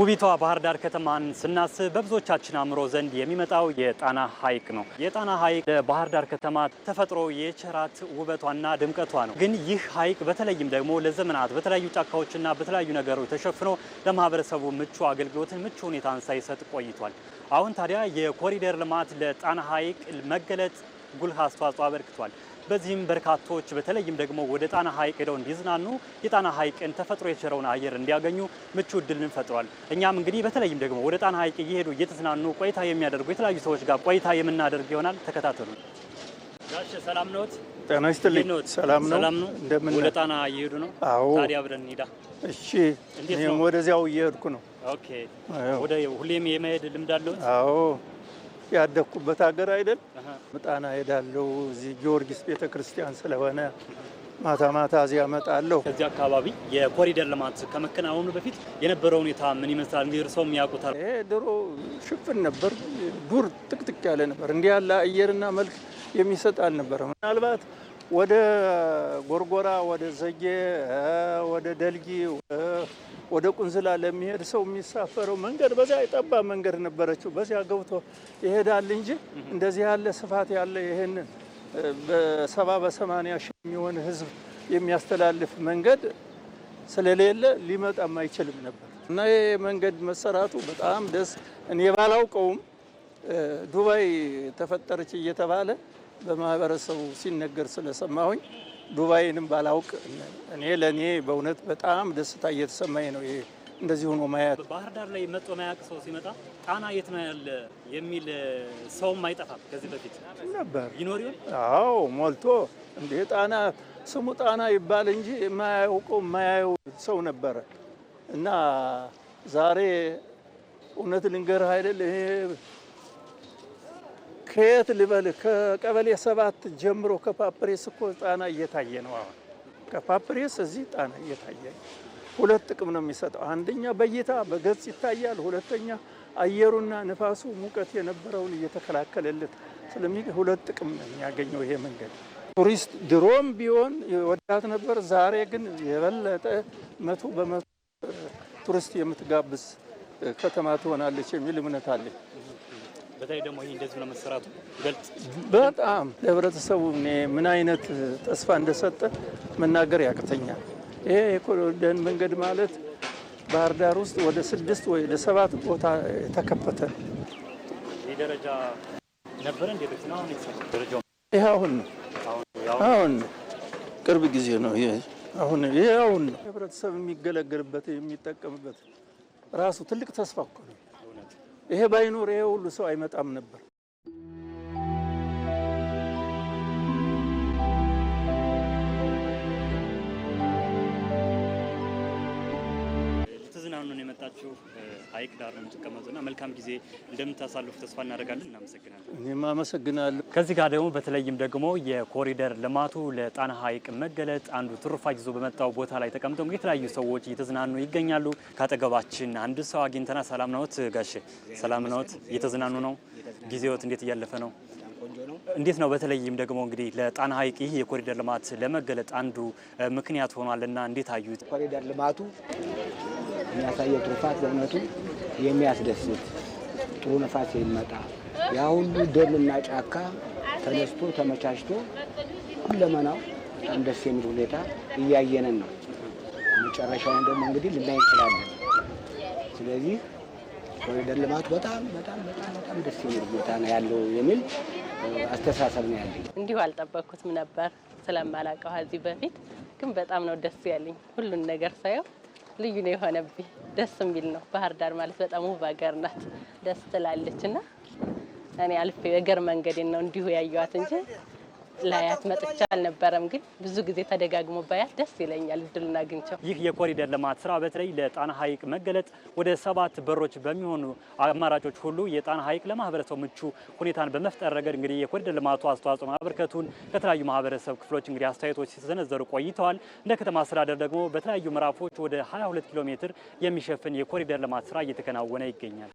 ውቢቷ ባህር ዳር ከተማን ስናስብ በብዙዎቻችን አእምሮ ዘንድ የሚመጣው የጣና ሐይቅ ነው። የጣና ሐይቅ ለባህር ዳር ከተማ ተፈጥሮ የቸራት ውበቷና ድምቀቷ ነው። ግን ይህ ሐይቅ በተለይም ደግሞ ለዘመናት በተለያዩ ጫካዎችና በተለያዩ ነገሮች ተሸፍኖ ለማህበረሰቡ ምቹ አገልግሎትን ምቹ ሁኔታን ሳይሰጥ ቆይቷል። አሁን ታዲያ የኮሪደር ልማት ለጣና ሐይቅ መገለጥ ጉልህ አስተዋጽኦ አበርክቷል። በዚህም በርካቶች በተለይም ደግሞ ወደ ጣና ሐይቅ ሄደው እንዲዝናኑ የጣና ሐይቅን ተፈጥሮ የቸረውን አየር እንዲያገኙ ምቹ እድልን ፈጥሯል። እኛም እንግዲህ በተለይም ደግሞ ወደ ጣና ሐይቅ እየሄዱ እየተዝናኑ ቆይታ የሚያደርጉ የተለያዩ ሰዎች ጋር ቆይታ የምናደርግ ይሆናል። ተከታተሉ። ጋሽ ሰላም ነዎት? ጤና ይስጥልኝ። ሰላም ነው። እንደምን ወደ ጣና እየሄዱ ነው? አዎ። ታዲያ አብረን እንሂዳ። እሺ። እኔም ወደዚያው እየሄድኩ ነው። ኦኬ። ወደ ሁሌም የመሄድ ልምድ አለዎት? አዎ። ያደግኩበት ሀገር አይደል? ምጣና ሄዳለሁ። እዚህ ጊዮርጊስ ቤተ ክርስቲያን ስለሆነ ማታ ማታ እዚያ እመጣለሁ። ከዚህ አካባቢ የኮሪደር ልማት ከመከናወኑ በፊት የነበረ ሁኔታ ምን ይመስላል? እንግዲህ እርሰውም ያውቁታል። ይሄ ድሮ ሽፍን ነበር፣ ዱር ጥቅጥቅ ያለ ነበር። እንዲህ ያለ አየርና መልክ የሚሰጥ አልነበረም። ምናልባት ወደ ጎርጎራ፣ ወደ ዘጌ፣ ወደ ደልጊ፣ ወደ ቁንዝላ ለሚሄድ ሰው የሚሳፈረው መንገድ በዚያ የጠባ መንገድ ነበረችው። በዚያ ገብቶ ይሄዳል እንጂ እንደዚህ ያለ ስፋት ያለ ይህንን በሰባ በሰማንያ ሺህ የሚሆን ህዝብ የሚያስተላልፍ መንገድ ስለሌለ ሊመጣም አይችልም ነበር እና ይህ መንገድ መሰራቱ በጣም ደስ እኔ ባላውቀውም ዱባይ ተፈጠረች እየተባለ በማህበረሰቡ ሲነገር ስለሰማሁኝ ዱባይንም ባላውቅ እኔ ለእኔ በእውነት በጣም ደስታ እየተሰማኝ ነው። ይሄ እንደዚህ ሆኖ ማየት ባህር ዳር ላይ መጦ ማያቅ ሰው ሲመጣ ጣና የት ነው ያለ የሚል ሰውም አይጠፋም። ከዚህ በፊት ነበር ይኖር ይሆን? አዎ ሞልቶ እንዴ ጣና ስሙ ጣና ይባል እንጂ የማያውቀው የማያየው ሰው ነበረ እና ዛሬ እውነት ልንገርህ አይደል ይሄ ከየት ልበል ከቀበሌ ሰባት ጀምሮ ከፓፕሬስ እኮ ጣና እየታየ ነው። አሁን ከፓፕሬስ እዚህ ጣና እየታየ ነው። ሁለት ጥቅም ነው የሚሰጠው። አንደኛ በእይታ በገጽ ይታያል። ሁለተኛ አየሩና ንፋሱ ሙቀት የነበረውን እየተከላከለለት ስለሚ ሁለት ጥቅም ነው የሚያገኘው ይሄ መንገድ። ቱሪስት ድሮም ቢሆን ወዳት ነበር። ዛሬ ግን የበለጠ መቶ በመቶ ቱሪስት የምትጋብዝ ከተማ ትሆናለች የሚል እምነት አለ። በተለይ ደግሞ ይህ እንደዚህ መሰራቱ ገልጽ በጣም ለህብረተሰቡ ምን አይነት ተስፋ እንደሰጠ መናገር ያቅተኛል። ይሄ የኮሪደር መንገድ ማለት ባህር ዳር ውስጥ ወደ ስድስት ወይ ወደ ሰባት ቦታ የተከፈተ ይህ ደረጃ ነበረ እንዴ? ይህ አሁን ነው። አሁን ቅርብ ጊዜ ነው። አሁን ይህ አሁን ነው። ህብረተሰብ የሚገለገልበት የሚጠቀምበት ራሱ ትልቅ ተስፋ እኮ ነው። ይሄ ባይኖር ይሄ ሁሉ ሰው አይመጣም ነበር። መጣችሁ ሀይቅ ዳር ነው የምትቀመጡና መልካም ጊዜ እንደምታሳልፉ ተስፋ እናደርጋለን። እናመሰግናለን። እኔም አመሰግናለሁ። ከዚህ ጋር ደግሞ በተለይም ደግሞ የኮሪደር ልማቱ ለጣና ሀይቅ መገለጥ አንዱ ትሩፋት ይዞ በመጣው ቦታ ላይ ተቀምጠው እንግዲህ የተለያዩ ሰዎች እየተዝናኑ ይገኛሉ። ከአጠገባችን አንድ ሰው አግኝተና ሰላም ነዎት ጋሽ? ሰላም ነዎት? እየተዝናኑ ነው? ጊዜዎት እንዴት እያለፈ ነው? እንዴት ነው? በተለይም ደግሞ እንግዲህ ለጣና ሀይቅ ይህ የኮሪደር ልማት ለመገለጥ አንዱ ምክንያት ሆኗል እና እንዴት አዩት ኮሪደር ልማቱ የሚያሳየው ትሩፋት በእውነቱ የሚያስደስት ጥሩ ነፋስ ይመጣ ያ ሁሉ ደንና ጫካ ተነስቶ ተመቻችቶ ሁለመናው በጣም ደስ የሚል ሁኔታ እያየንን ነው። መጨረሻውን ደግሞ እንግዲህ ልናይ እንችላለን። ስለዚህ ኮሪደር ልማቱ በጣም በጣም በጣም በጣም ደስ የሚል ሁኔታ ነው ያለው የሚል አስተሳሰብ ነው ያለኝ። እንዲሁ አልጠበቅኩትም ነበር ስለማላውቀው ከዚህ በፊት ግን በጣም ነው ደስ ያለኝ ሁሉን ነገር ሳየው ልዩ ነው የሆነብኝ። ደስ የሚል ነው። ባህር ዳር ማለት በጣም ውብ ሀገር ናት። ደስ ትላለች እና እኔ አልፌ እግር መንገዴን ነው እንዲሁ ያየዋት እንጂ ላያት መጥቻ አልነበረም፣ ግን ብዙ ጊዜ ተደጋግሞ ባያት ደስ ይለኛል እድሉን አግኝቸው። ይህ የኮሪደር ልማት ስራ በተለይ ለጣና ሐይቅ መገለጥ ወደ ሰባት በሮች በሚሆኑ አማራጮች ሁሉ የጣና ሐይቅ ለማህበረሰቡ ምቹ ሁኔታን በመፍጠር ረገድ እንግዲህ የኮሪደር ልማቱ አስተዋጽኦ ማበርከቱን ከተለያዩ ማህበረሰብ ክፍሎች እንግዲህ አስተያየቶች ሲሰነዘሩ ቆይተዋል። እንደ ከተማ አስተዳደር ደግሞ በተለያዩ ምዕራፎች ወደ 22 ኪሎ ሜትር የሚሸፍን የኮሪደር ልማት ስራ እየተከናወነ ይገኛል።